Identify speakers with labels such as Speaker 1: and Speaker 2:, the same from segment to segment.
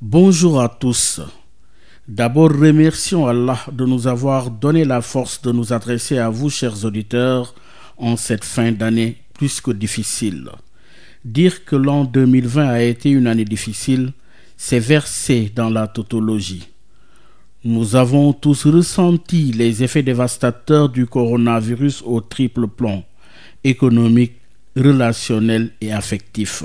Speaker 1: Bonjour à tous. D'abord, remercions Allah de nous avoir donné la force de nous adresser à vous, chers auditeurs, en cette fin d'année plus que difficile. Dire que l'an 2020 a été une année difficile, c'est verser dans la tautologie. Nous avons tous ressenti les effets dévastateurs du coronavirus au triple plan, économique, relationnel et affectif.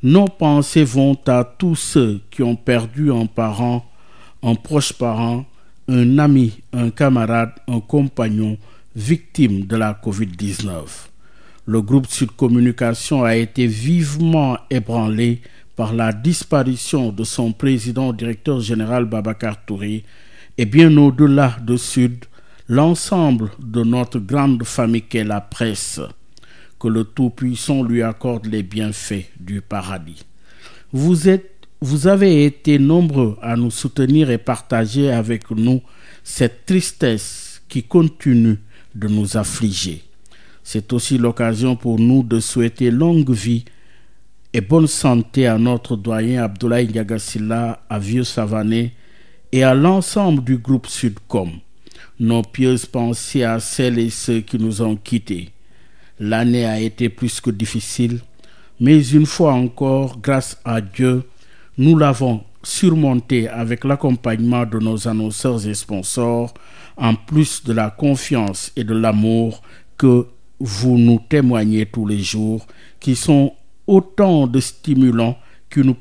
Speaker 1: Nos pensées vont à tous ceux qui ont perdu un parent, un proche parent, un ami, un camarade, un compagnon, victime de la Covid-19. Le groupe sur Communication a été vivement ébranlé par la disparition de son président directeur général Babacar Touré et bien au-delà de Sud, l'ensemble de notre grande famille qu'est la presse. que le Tout-Puissant lui accorde les bienfaits du paradis. Vous êtes, vous avez été nombreux à nous soutenir et partager avec nous cette tristesse qui continue de nous affliger. C'est aussi l'occasion pour nous de souhaiter longue vie et bonne santé à notre doyen Abdoulaye Ndiaga Sylla à Vieux Savané et à l'ensemble du groupe Sudcom. Nos pieuses pensées à celles et ceux qui nous ont quittés. L'année a été plus que difficile, mais une fois encore, grâce à Dieu, nous l'avons surmontée avec l'accompagnement de nos annonceurs et sponsors, en plus de la confiance et de l'amour que vous nous témoignez tous les jours, qui sont autant de stimulants qui nous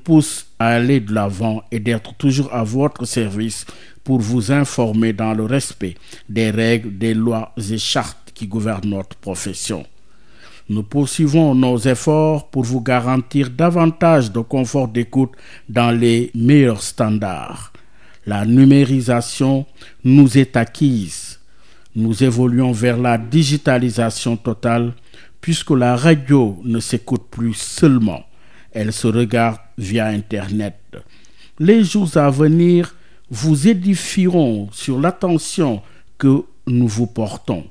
Speaker 1: à aller de l'avant et d'être toujours à votre service pour vous informer dans le respect des règles, des lois et chartes qui gouvernent notre profession. Nous poursuivons nos efforts pour vous garantir davantage de confort d'écoute dans les meilleurs standards. La numérisation nous est acquise. Nous évoluons vers la digitalisation totale puisque la radio ne s'écoute plus seulement, elle se regarde via Internet. Les jours à venir vous édifieront sur l'attention que nous vous portons.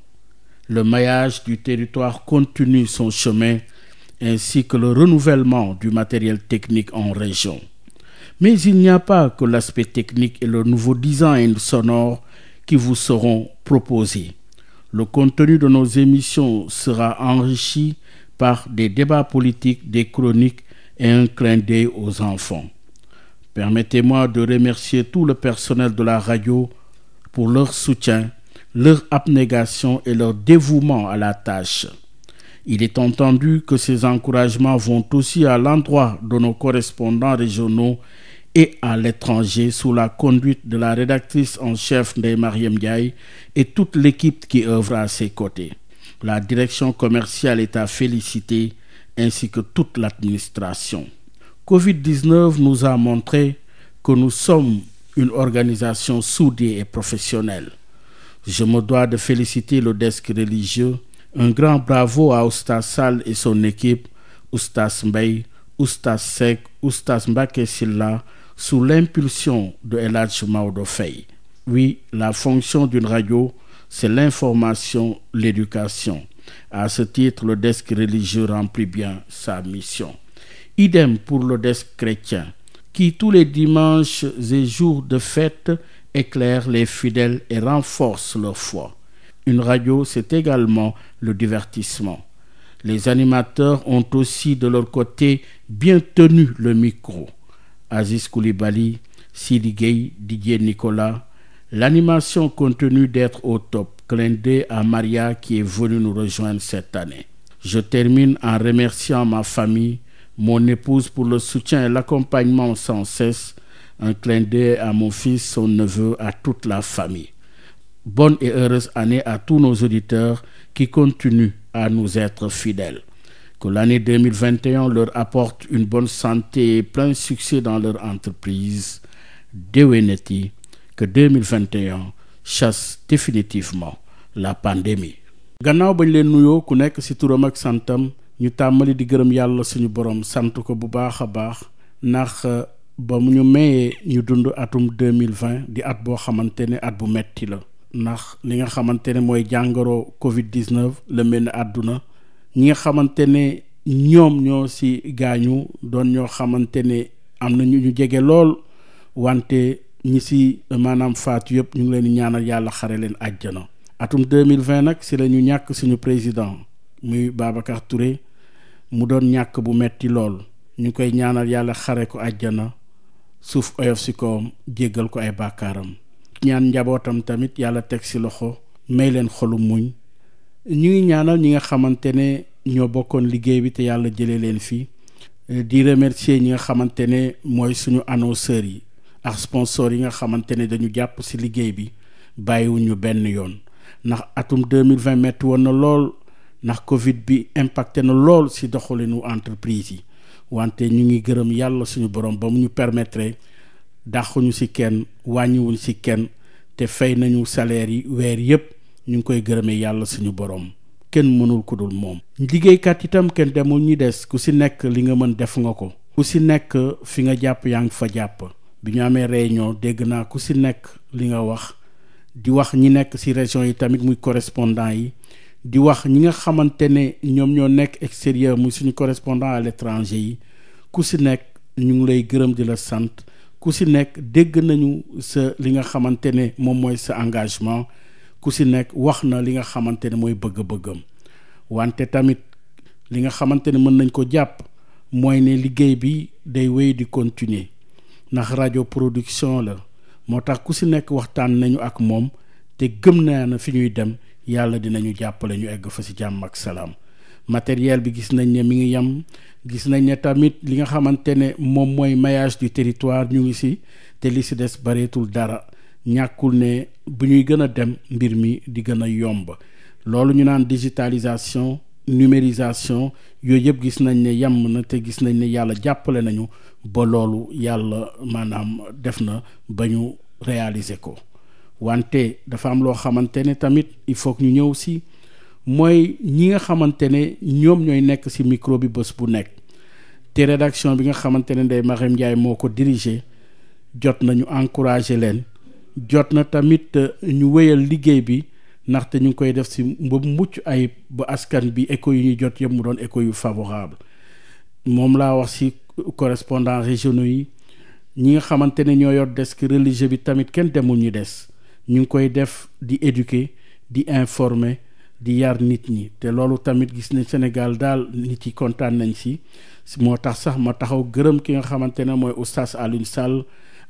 Speaker 1: le maillage du territoire continue son chemin ainsi que le renouvellement du matériel technique en région. Mais il n'y a pas que l'aspect technique et le nouveau design sonore qui vous seront proposés. Le contenu de nos émissions sera enrichi par des débats politiques, des chroniques et un clin d'œil aux enfants. Permettez-moi de remercier tout le personnel de la radio pour leur soutien leur abnégation et leur dévouement à la tâche. Il est entendu que ces encouragements vont aussi à l'endroit de nos correspondants régionaux et à l'étranger sous la conduite de la rédactrice en chef Ndeye Marième Ndiaye et toute l'équipe qui œuvre à ses côtés. La direction commerciale est à féliciter ainsi que toute l'administration. Covid-19 nous a montré que nous sommes une organisation soudée et professionnelle. Je me dois de féliciter le desk religieux. Un grand bravo à Oustaz Sall et son équipe, Oustaz Mbaye, Oustaz Seck, Oustaz Mbacké Silla, sous l'impulsion de El Hadj Maodo Faye. Oui, la fonction d'une radio, c'est l'information, l'éducation. À ce titre, le religieux remplit bien sa mission. Idem pour le desk chrétien, qui tous les dimanches et jours de fête éclaire les fidèles et renforce leur foi. Une radio, c'est également le divertissement. Les animateurs ont aussi de leur côté bien tenu le micro. Aziz Koulibaly, Sidi Gueye, Didier Nicolas, l'animation continue d'être au top. Clin à Maria qui est venue nous rejoindre cette année. Je termine en remerciant ma famille, mon épouse pour le soutien et l'accompagnement sans cesse un clin d'œil à mon fils, son neveu, à toute la famille. Bonne et heureuse année à tous nos auditeurs qui continuent à nous être fidèles. Que l'année 2021 leur apporte une bonne santé et plein succès dans leur entreprise. Deweneti, que 2021 chasse définitivement la pandémie. gannaaw bañ leen nuyoo ku nekk ci turam ak santam ñu tàmmali di gërëm yàlla suñu borom sant ko bu baax a baax ba mu ñu mayee ñu dund atum deux mille vingt di at boo xamante ne at bu metti la ndax li nga xamante ne mooy jàngoro Covid dix neuf la mel ni àdduna ñi nga xamante ne ñoom ñoo ci gaañu doon ñoo xamante ne am na ñu ñu jege lool wante ñi ci maanaam faatu yëpp ñu ngi leen di ñaanal yàlla xare leen àjjana. atum deux mille vingt nag si la ñu ñàkk suñu président muy Babacar ture mu doon ñàkk bu metti lool ñu koy ñaanal yàlla xare ko àjjana. suuf oyof si kawam jéggal ko ay bàkkaaram ñaan njabootam tamit yàlla teg si loxo may leen xolu muñ ñu ngi ñaanal ñi nga xamante ne ñoo bokkoon liggéey bi te yàlla jëlee leen fii eh, di remercier ñi nga xamante ne mooy suñu annonceurs yi ak sponsors yi nga xamante ne dañu jàpp si liggéey bi bàyyiwuñu benn yoon ndax atum 2020 metti woon na lool ndax covid bi impacté na lool si doxalinu entreprise yi wante ñu ngi gërëm yàlla suñu borom ba mu ñu permettre dàquñu ci kenn wàññiwuñ ci kenn te fay nañu salaire yi weer yépp ñu ngi koy gërëmee yàlla suñu borom kenn mënul ku dul moom. liggéeykat itam kenn demul ñi des ku ci nekk li nga mën def nga ko. ku ci nekk fi nga jàpp yaa ngi fa jàpp. bi ñu amee réunion dégg naa ku ci nekk li nga wax di wax ñi nekk ci région yi tamit muy correspondant yi. di wax ñi nga xamante ne ñoom ñoo nekk extérieur muy suñu correspondant à l'étranger yi ku si nekk ñu ngi lay gërëm di la sant ku si nekk dégg nañu sa li nga xamante ne moom mooy sa engagement ku si nekk wax na li nga xamante ne mooy bëgg-bëggam wante tamit li nga xamante ne mën nañ ko jàpp mooy ne liggéey bi day wéy di continuer ndax rajo production la moo tax ku si nekk waxtaan nañu ak moom te gëm naa na fi ñuy dem yàlla dinañu jàppale ñu egg fa si jàmm ak salaam matériel bi gis nañ ne mi ngi yem gis nañ ne tamit li nga xamante ne moom mooy mayage du territoire ñu ngi si te li si des bareetul dara ñàkkul ne bu ñuy gën a dem mbir mi di gën a yomb loolu ñu naan digitalisation numérisation yooyu yëpp gis nañ ne yem na te gis nañ ne yàlla jàppale nañu ba loolu yàlla maanaam def na ba ñu réaliser ko wante dafa am loo xamante ne tamit il faut ñu ñëw si mooy ñi nga xamante ne ñoom ñooy nekk si micro bi bés bu nekk te rédaction bi nga xamante ne Ndeye Marème Ndiaye moo ko dirigé jot nañu encouragé leen jot na tamit euh, ñu wéyal liggéey bi ndaxte ñu ngi koy def si ba mucc ay ba askan bi écho yu ñuy jot yëpp mu doon écho yu favorable moom laa wax si correspondant régionaux yi ñi nga xamante ne ñoo yor desk religieux bi tamit kenn demul ñu des ñu ngi koy def di éduquer di informer di yar nit ñi te loolu tamit gis nañ Sénégal daal nit yi kontaan nañ si moo tax sax ma taxaw gërëm ki nga xamante ne mooy oustaz Alioune Sall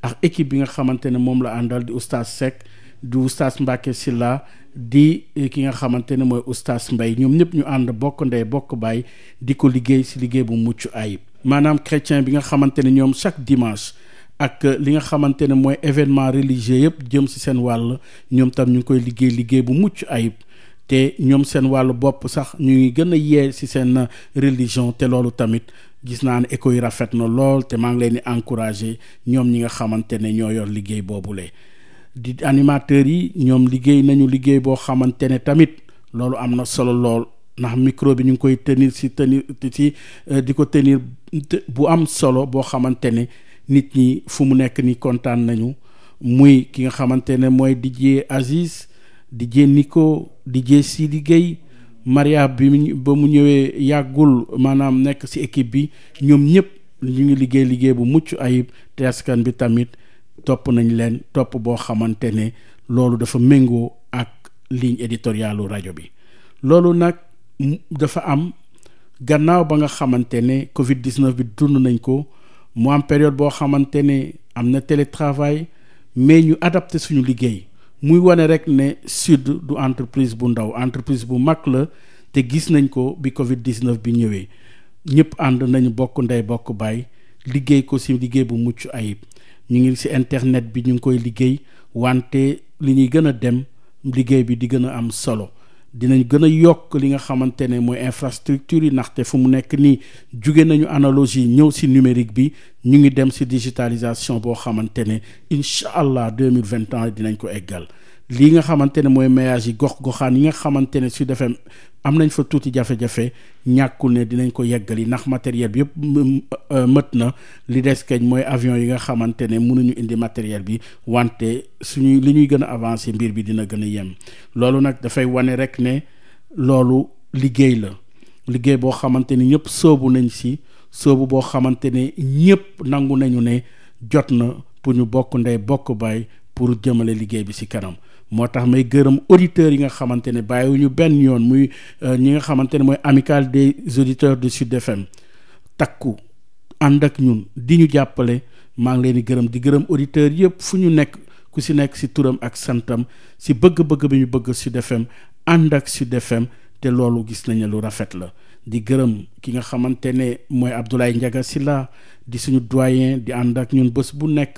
Speaker 1: ak équipe bi nga xamante ne moom la àndal di oustaz Seck di oustaz Mbacke Sylla di eh, ki nga xamante ne mooy oustaz mbay ñoom ñëpp ñu ànd bokk ndey bokk baay di ko liggéey si liggéey bu mucc ayib maanaam chrétien bi nga xamante ne ñoom chaque dimanche ak li nga xamante ne mooy événement religieux yëpp jëm si seen wàll ñoom tam ñu ngi koy liggéey liggéey bu mucc ayib te ñoom seen wàllu bopp sax ñu ngi gën a yee si seen religion te loolu tamit gis naa ne écho yi rafet na lool te maa ngi leen di encourager ñoom ñi nga xamante ne ñoo yoon liggéey boobule. di animateurs yi ñoom liggéey nañu liggéey boo xamante ne tamit loolu am na solo lool ndax micro bi ñu ngi koy tenir si tenir ci euh, di ko tenir bu am solo boo xamante ne. nit ñi fu mu nekk ni kontaan nañu muy ki nga xamante ne mooy DJ Aziz DJ Nico DJ Sidi Gueye Maria bi mu ba mu ñëwee yàggul maanaam nekk ci équipe bi ñoom ñëpp ñu ngi liggéey liggéey bu mucc ayib te bi tamit topp nañ leen topp boo xamante ne loolu dafa méngoo ak ligne éditoriale u rajo bi loolu nag dafa am gannaaw ba nga xamante ne Covid 19 bi dund nañ ko. mu am période boo xamante ne am na télétravail mais ñu adapté suñu liggéey muy wane rek ne sud du entreprise bu ndaw entreprise bu mag la te gis nañ ko bi Covid 19 bi ñëwee ñëpp ànd nañu bokk ndey bokk baay liggéey ko ci liggéey bu mucc ayib ñu ngi ci internet bi ñu ngi koy liggéey wante li ñuy gën a dem liggéey bi di gën a am solo. dinañ gën a yokk li nga xamante ne mooy infrastructure yi ndaxte fu mu nekk nii juge nañu analogie ñëw si numérique bi ñu ngi dem si digitalisation boo xamante ne incha allah deux mille vingt ans dinañ ko eggal. lii nga xamante ne mooy maillage yi gox-goxaan yi nga xamante ne Sud FM am nañ fa tuuti jafe-jafe ñàkkul ne dinañ ko yeggali ndax matériel bi yëpp euh, mët na li des kañ mooy avion yi nga xamante ne mënuñu indi matériel bi wante suñuy li ñuy gën a avancé mbir bi dina gën a yem loolu nag dafay wane rek ne loolu liggéey la liggéey boo xamante ni ñëpp soobu nañ si soobu boo xamante ne ñëpp nangu nañu ne jot na pour ñu bokk ndey bokk baay pour jëmale liggéey bi si kanam moo tax may gërëm auditeurs yi nga xamante ne bàyyiwuñu benn yoon muy euh, ñi nga xamante ne mooy amicale des auditeurs de Sud FM takku ànd ak ñun di ñu jàppale maa ngi leen di gërëm di gërëm auditeurs yëpp fu ñu nekk ku si nekk si turam ak santam si bëgg-bëgg bi ñu bëgg Sud FM ànd ak Sud FM te loolu gis nañu lu rafet la. di gërëm ki nga xamante ne mooy Abdoulaye Ndiaga Sylla di suñu doyen di ànd ak ñun bés bu nekk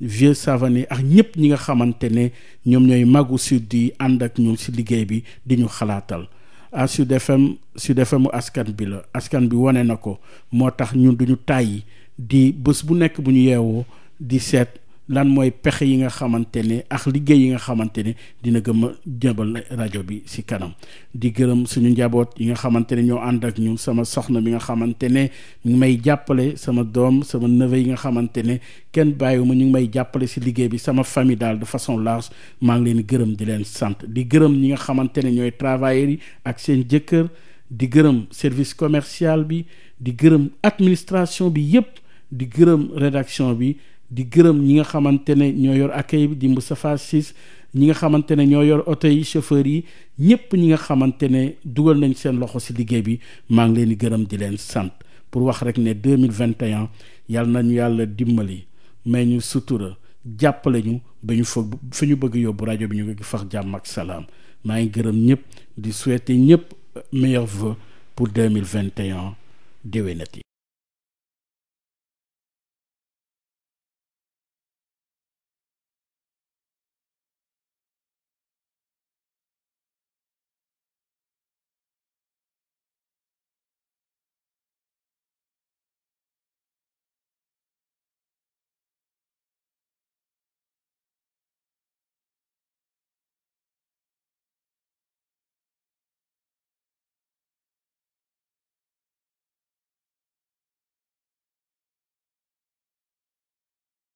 Speaker 1: vieux Savané ak ñëpp ñi nga xamante ne ñoom ñooy magu sud di ànd ak ñun si liggéey bi di ñu xalaatal à Sud FM Sud FM askan bi la askan bi wane na ko moo tax ñun duñu tàyyi di bés bu nekk bu ñu yeewoo di seet lan mooy pexe yi nga xamante ne ak liggéey yi nga xamante ne dina gëm a jëbal rajo bi si kanam di gërëm suñu njaboot yi nga xamante ne ñoo ànd ak ñun sama soxna bi nga xamante ne ñu ngi may jàppale sama doom sama neveu yi nga xamante ne kenn bàyyiwuma ñu ngi may jàppale si liggéey bi sama famille daal de façon large maa ngi leen gërëm di leen sant di gërëm ñi nga xamante ne ñooy travailleurs yi ak seen jëkkër di gërëm service commercial bi di gërëm administration bi yépp di gërëm rédaction bi di gërëm ñi nga xamante ne ñoo yor accueil bi di Moustapha Ciss ñi nga xamante ne ñoo yor oto yi chauffeur yi ñëpp ñi nga xamante ne dugal nañ seen loxo ci liggéey bi maa ngi leen di gërëm di leen sant pour wax rek ne 2021 yàlla nañu yàlla dimbali may ñu sutura jàppale ñu ba ñu fa fi ñu bëgg yóbbu rajo bi ñu ngi fax jàmm ak salaam maa ngi gërëm ñëpp di souhaiter ñëpp meilleurs vœux pour mille vingt 2021 déwénati